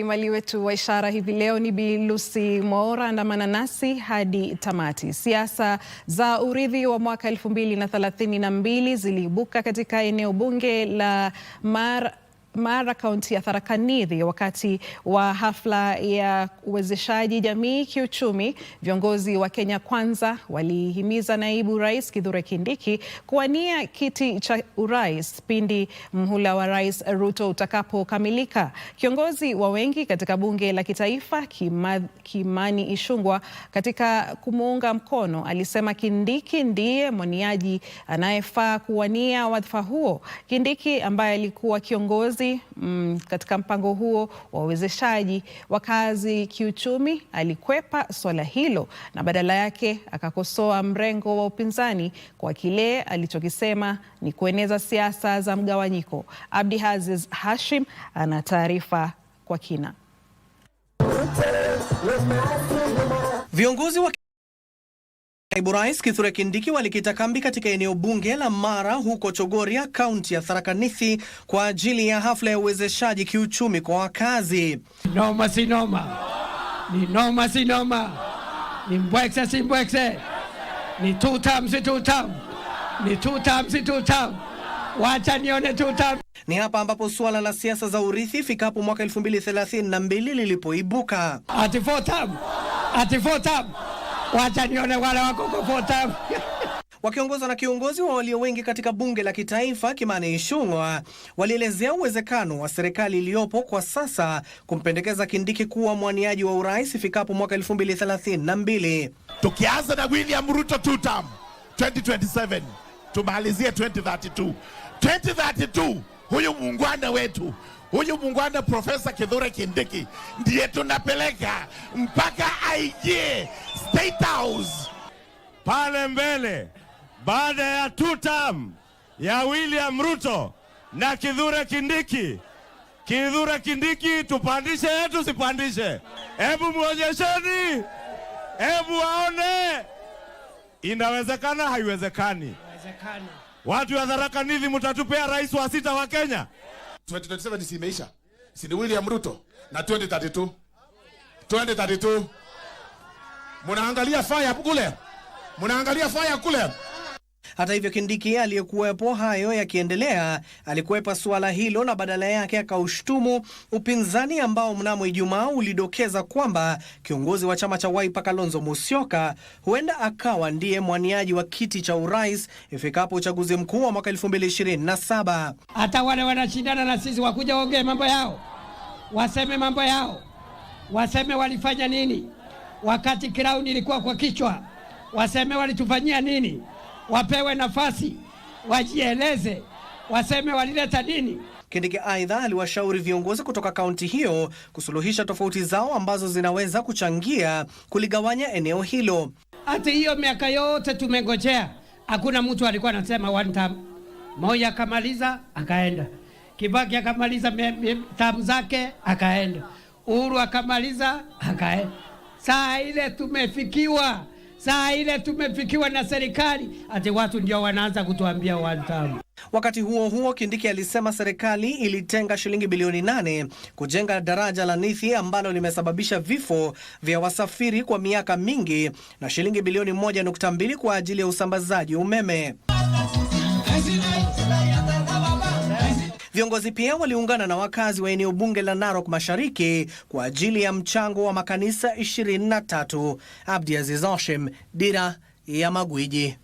Mali wetu wa ishara hivi leo ni Bi Lucy Mwaura, andamana nasi hadi tamati. Siasa za urithi wa mwaka elfu mbili na thelathini na mbili ziliibuka katika eneo bunge la Mar mara kaunti ya Tharaka Nithi wakati wa hafla ya uwezeshaji jamii kiuchumi, viongozi wa Kenya Kwanza walihimiza naibu rais Kithure Kindiki kuwania kiti cha urais pindi mhula wa Rais Ruto utakapokamilika. Kiongozi wa wengi katika bunge la kitaifa Kimani Ichung'wah, katika kumuunga mkono, alisema Kindiki ndiye mwaniaji anayefaa kuwania wadhifa huo. Kindiki ambaye alikuwa kiongozi makazi mm, katika mpango huo wa uwezeshaji wakazi kiuchumi, alikwepa swala hilo na badala yake akakosoa mrengo wa upinzani kwa kile alichokisema ni kueneza siasa za mgawanyiko. Abdi Aziz Hashim ana taarifa kwa kina. Viongozi wa Naibu Rais Kithure Kindiki walikita kambi katika eneo bunge la Mara huko Chogoria, kaunti ya Tharaka Nithi kwa ajili ya hafla ya uwezeshaji kiuchumi kwa wakazi. Noma si noma, ni noma si noma, ni mbwekse si mbwekse, ni tutam si tutam, ni tutam si tutam, wacha nione tutam. Ni hapa ambapo suala la siasa za urithi ifikapo mwaka 2032 lilipoibuka. Ati fotam, ati fotam wacha nione wale wako kokota wakiongozwa na kiongozi wa walio wengi katika bunge la kitaifa Kimani Ichung'wa walielezea uwezekano wa serikali iliyopo kwa sasa kumpendekeza Kindiki kuwa mwaniaji wa urais ifikapo mwaka 2032. Tukianza na William Ruto two term 2027 tumalizie 2032. 2032 huyu muungwana wetu Huyu mungwana Profesa Kithure Kindiki ndiye tunapeleka mpaka aingie State House pale mbele, baada ya tutam ya William Ruto na Kithure Kindiki. Kithure Kindiki tupandishe yetu, sipandishe? Hebu muonyesheni, hebu waone inawezekana, haiwezekani? Watu wa Tharaka Nithi, mtatupea rais wa sita wa Kenya? 2027 simeisha. Si ni William Ruto na 2032. 2032. Munaangalia fire kule. Munaangalia fire kule. Hata hivyo, Kindiki aliyekuwepo hayo yakiendelea, alikuwepa suala hilo na badala yake akaushtumu upinzani ambao mnamo Ijumaa ulidokeza kwamba kiongozi wa chama cha Waipa Kalonzo Musyoka huenda akawa ndiye mwaniaji wa kiti cha urais ifikapo uchaguzi mkuu wa mwaka 2027. Hata wale wanashindana na sisi wakuja waongee mambo yao, waseme mambo yao, waseme walifanya nini wakati kirauni ilikuwa kwa kichwa, waseme walitufanyia nini wapewe nafasi wajieleze, waseme walileta dini. Kindiki aidha aliwashauri viongozi kutoka kaunti hiyo kusuluhisha tofauti zao ambazo zinaweza kuchangia kuligawanya eneo hilo. Hata hiyo miaka yote tumengojea, hakuna mtu alikuwa anasema one term. akamaliza akaenda, Kibaki akamaliza tamu zake akaenda, Uhuru akamaliza akaenda. Saa ile tumefikiwa saa ile tumefikiwa na serikali ati watu ndio wanaanza kutuambia wantamu. Wakati huo huo, Kindiki alisema serikali ilitenga shilingi bilioni nane kujenga daraja la Nithi ambalo limesababisha vifo vya wasafiri kwa miaka mingi na shilingi bilioni moja nukta mbili kwa ajili ya usambazaji umeme Viongozi pia waliungana na wakazi wa eneo bunge la Narok Mashariki kwa ajili ya mchango wa makanisa 23. Abdi Aziz Hashim, Dira ya Magwiji.